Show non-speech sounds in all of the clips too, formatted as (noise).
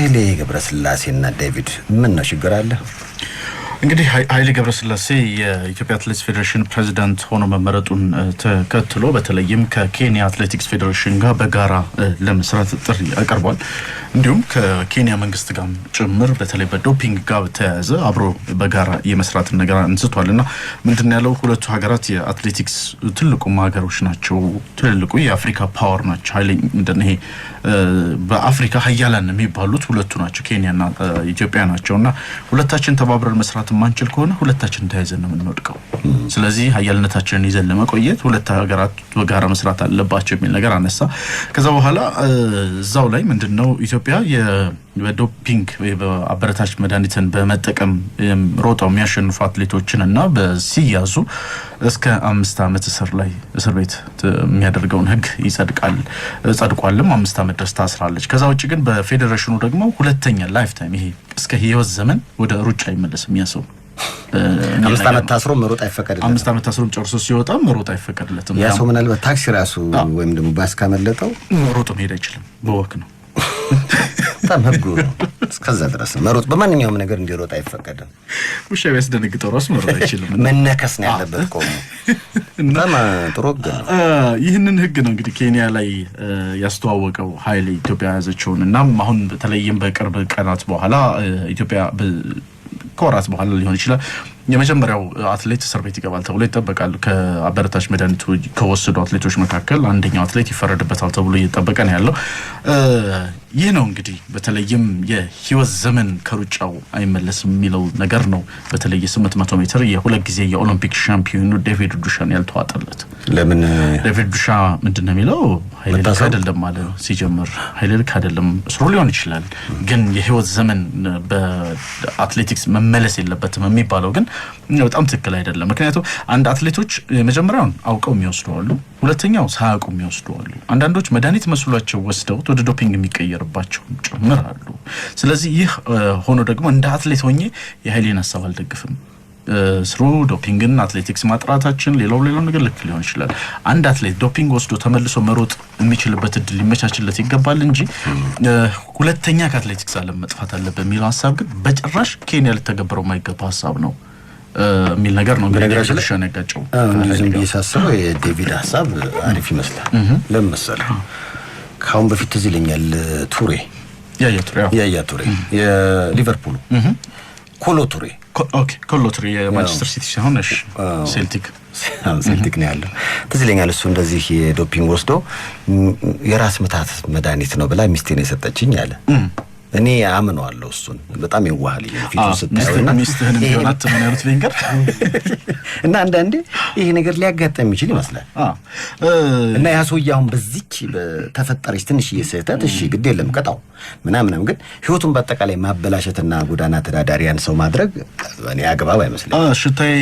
ኃይሌ ገብረስላሴና ዴቪድ ምን ነው ችግር አለ? እንግዲህ ኃይሌ ገብረስላሴ የኢትዮጵያ አትሌቲክስ ፌዴሬሽን ፕሬዚዳንት ሆኖ መመረጡን ተከትሎ በተለይም ከኬንያ አትሌቲክስ ፌዴሬሽን ጋር በጋራ ለመስራት ጥሪ አቅርቧል። እንዲሁም ከኬንያ መንግስት ጋር ጭምር በተለይ በዶፒንግ ጋር በተያያዘ አብሮ በጋራ የመስራትን ነገር አንስቷል እና ምንድን ያለው ሁለቱ ሀገራት የአትሌቲክስ ትልቁ ሀገሮች ናቸው። ትልልቁ የአፍሪካ ፓወር ናቸው። ኃይሌ ምንድን ይሄ በአፍሪካ ሀያላን የሚባሉት ሁለቱ ናቸው፣ ኬንያና ኢትዮጵያ ናቸው እና ሁለታችን ተባብረን መስራት መውጣት የማንችል ከሆነ ሁለታችን ተያይዘን ነው የምንወድቀው። ስለዚህ ሀያልነታችንን ይዘን ለመቆየት ሁለት ሀገራት በጋራ መስራት አለባቸው የሚል ነገር አነሳ። ከዛ በኋላ እዛው ላይ ምንድን ነው ኢትዮጵያ በዶፒንግ አበረታች መድኃኒትን በመጠቀም ሮጠው የሚያሸንፉ አትሌቶችን እና በሲያዙ እስከ አምስት ዓመት እስር ላይ እስር ቤት የሚያደርገውን ህግ ይጸድቃል ጸድቋልም አምስት ዓመት ድረስ ታስራለች። ከዛ ውጭ ግን በፌዴሬሽኑ ደግሞ ሁለተኛ ላይፍ ታይም ይሄ እስከ ህይወት ዘመን ወደ ሩጫ አይመለስም ያሰው አምስት ዓመት ታስሮ መሮጥ አይፈቀድለትም። አምስት ዓመት ታስሮ ጨርሶ ሲወጣ መሮጥ አይፈቀድለትም። ያ ሰው ምናልባት ታክሲ ራሱ ወይም ደግሞ ባስ ካመለጠው ሮጦ መሄድ አይችልም። በወክ ነው በጣም ህጉ እስከዛ ድረስ መሮጥ በማንኛውም ነገር እንዲሮጥ አይፈቀድም። ውሻ ቢያስደነግጠው ራሱ መሮጥ አይችልም። መነከስ ነው ያለበት ቆሙ። በጣም ጥሩ ህግ ነው። ይህንን ህግ ነው እንግዲህ ኬንያ ላይ ያስተዋወቀው ኃይል ኢትዮጵያ የያዘችውን እናም አሁን በተለይም በቅርብ ቀናት በኋላ ኢትዮጵያ ከወራት በኋላ ሊሆን ይችላል የመጀመሪያው አትሌት እስር ቤት ይገባል ተብሎ ይጠበቃል። ከአበረታች መድኃኒቱ ከወሰዱ አትሌቶች መካከል አንደኛው አትሌት ይፈረድበታል ተብሎ እየጠበቀ ነው ያለው። ይህ ነው እንግዲህ በተለይም የህይወት ዘመን ከሩጫው አይመለስም የሚለው ነገር ነው። በተለይ ስምንት መቶ ሜትር የሁለት ጊዜ የኦሎምፒክ ሻምፒዮኑ ዴቪድ ዱሻን ያልተዋጠለት ለምን? ዴቪድ ዱሻ ምንድን ነው የሚለው ሀይልልክ አይደለም አለ ሲጀምር። ሀይልልክ አይደለም ስሩ ሊሆን ይችላል፣ ግን የህይወት ዘመን በአትሌቲክስ መመለስ የለበትም የሚባለው ግን በጣም ትክክል አይደለም። ምክንያቱም አንድ አትሌቶች የመጀመሪያውን አውቀው የሚወስደዋሉ፣ ሁለተኛው ሳያውቁ የሚወስደዋሉ። አንዳንዶች መድኃኒት መስሏቸው ወስደውት ወደ ዶፒንግ የሚቀየር የሚቀየርባቸውም ጭምር አሉ። ስለዚህ ይህ ሆኖ ደግሞ እንደ አትሌት ሆኜ የሀይሌን ሀሳብ አልደግፍም። ስሩ ዶፒንግን አትሌቲክስ ማጥራታችን ሌላው ሌላው ነገር ልክ ሊሆን ይችላል። አንድ አትሌት ዶፒንግ ወስዶ ተመልሶ መሮጥ የሚችልበት እድል ሊመቻችለት ይገባል እንጂ ሁለተኛ ከአትሌቲክስ ዓለም መጥፋት አለ በሚለው ሀሳብ ግን በጭራሽ ኬንያ ልተገብረው የማይገባ ሀሳብ ነው የሚል ነገር ነው። ነገራሽ ያጋጨው ሳስበው የዴቪድ ሀሳብ አሪፍ ይመስላል። ለምን መሰለህ ከአሁን በፊት ትዝ ይለኛል ቱሬ ያያ ቱሬ የሊቨርፑሉ ኮሎ ቱሬ ኮሎ ቱሬ የማንቸስተር ሲቲ ሲሆን ሴልቲክ (laughs) ሴልቲክ ነው ያለው። ትዝ ይለኛል እሱ እንደዚህ የዶፒንግ ወስዶ የራስ ምታት መድኃኒት ነው ብላ ሚስቴ ነው የሰጠችኝ አለ። እኔ አምነዋለሁ እሱን። በጣም የዋህል ፊቱ ስታየውና ሚስትህንም ቢሆን አትመን ያሉት ቬንገር (laughs) እና አንዳንዴ ይሄ ነገር ሊያጋጠም የሚችል ይመስላል እና ያ ሰውዬ አሁን በዚች ተፈጠረች ትንሽ ስህተት እሺ ግድ የለም ቀጣው ምናምንም፣ ግን ህይወቱን በአጠቃላይ ማበላሸትና ጎዳና ተዳዳሪያን ሰው ማድረግ እኔ አግባብ አይመስለኝም። ሽታዬ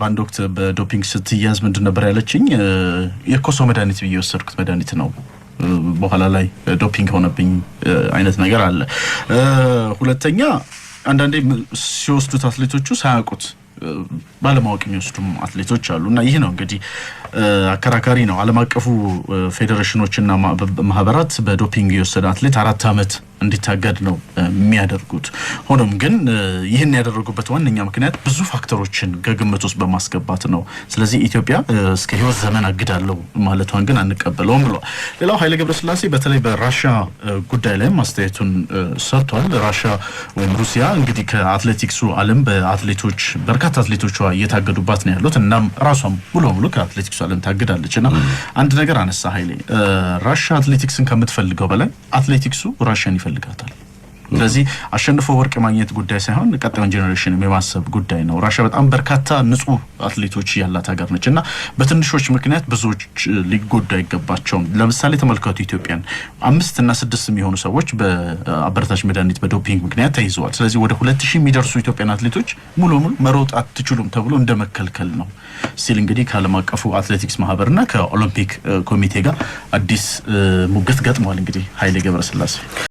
በአንድ ወቅት በዶፒንግ ስትያዝ ምንድን ነበር ያለችኝ? የኮሶ መድኃኒት ብዬ የወሰድኩት መድኃኒት ነው በኋላ ላይ ዶፒንግ ሆነብኝ አይነት ነገር አለ። ሁለተኛ አንዳንዴ ሲወስዱት አትሌቶቹ ሳያውቁት ባለማወቅ የሚወስዱም አትሌቶች አሉ እና ይህ ነው እንግዲህ አከራካሪ ነው። ዓለም አቀፉ ፌዴሬሽኖችና ማህበራት በዶፒንግ የወሰደ አትሌት አራት ዓመት እንዲታገድ ነው የሚያደርጉት። ሆኖም ግን ይህን ያደረጉበት ዋነኛ ምክንያት ብዙ ፋክተሮችን ከግምት ውስጥ በማስገባት ነው። ስለዚህ ኢትዮጵያ እስከ ህይወት ዘመን አግዳለው ማለቷን ግን አንቀበለውም ብሏል። ሌላው ኃይሌ ገብረስላሴ በተለይ በራሻ ጉዳይ ላይም አስተያየቱን ሰጥቷል። ራሻ ወይም ሩሲያ እንግዲህ ከአትሌቲክሱ ዓለም በአትሌቶች በርካታ አትሌቶቿ እየታገዱባት ነው ያሉት። እናም ራሷም ሙሉ በሙሉ ከአትሌቲክሱ ዓለም ታግዳለች እና አንድ ነገር አነሳ ኃይሌ ራሻ አትሌቲክስን ከምትፈልገው በላይ አትሌቲክሱ ራሽያን ይፈልጋል ይፈልጋታል። ስለዚህ አሸንፎ ወርቅ የማግኘት ጉዳይ ሳይሆን ቀጣዩን ጄኔሬሽን የማሰብ ጉዳይ ነው። ራሽያ በጣም በርካታ ንጹህ አትሌቶች ያላት ሀገር ነች እና በትንሾች ምክንያት ብዙዎች ሊጎዱ አይገባቸውም። ለምሳሌ ተመልከቱ ኢትዮጵያን፣ አምስት እና ስድስት የሚሆኑ ሰዎች በአበረታች መድኃኒት በዶፒንግ ምክንያት ተይዘዋል። ስለዚህ ወደ ሁለት ሺህ የሚደርሱ ኢትዮጵያን አትሌቶች ሙሉ ሙሉ መሮጥ አትችሉም ተብሎ እንደ መከልከል ነው ሲል እንግዲህ ከዓለም አቀፉ አትሌቲክስ ማህበር እና ከኦሎምፒክ ኮሚቴ ጋር አዲስ ሙግት ገጥመዋል። እንግዲህ ኃይሌ ገብረስላሴ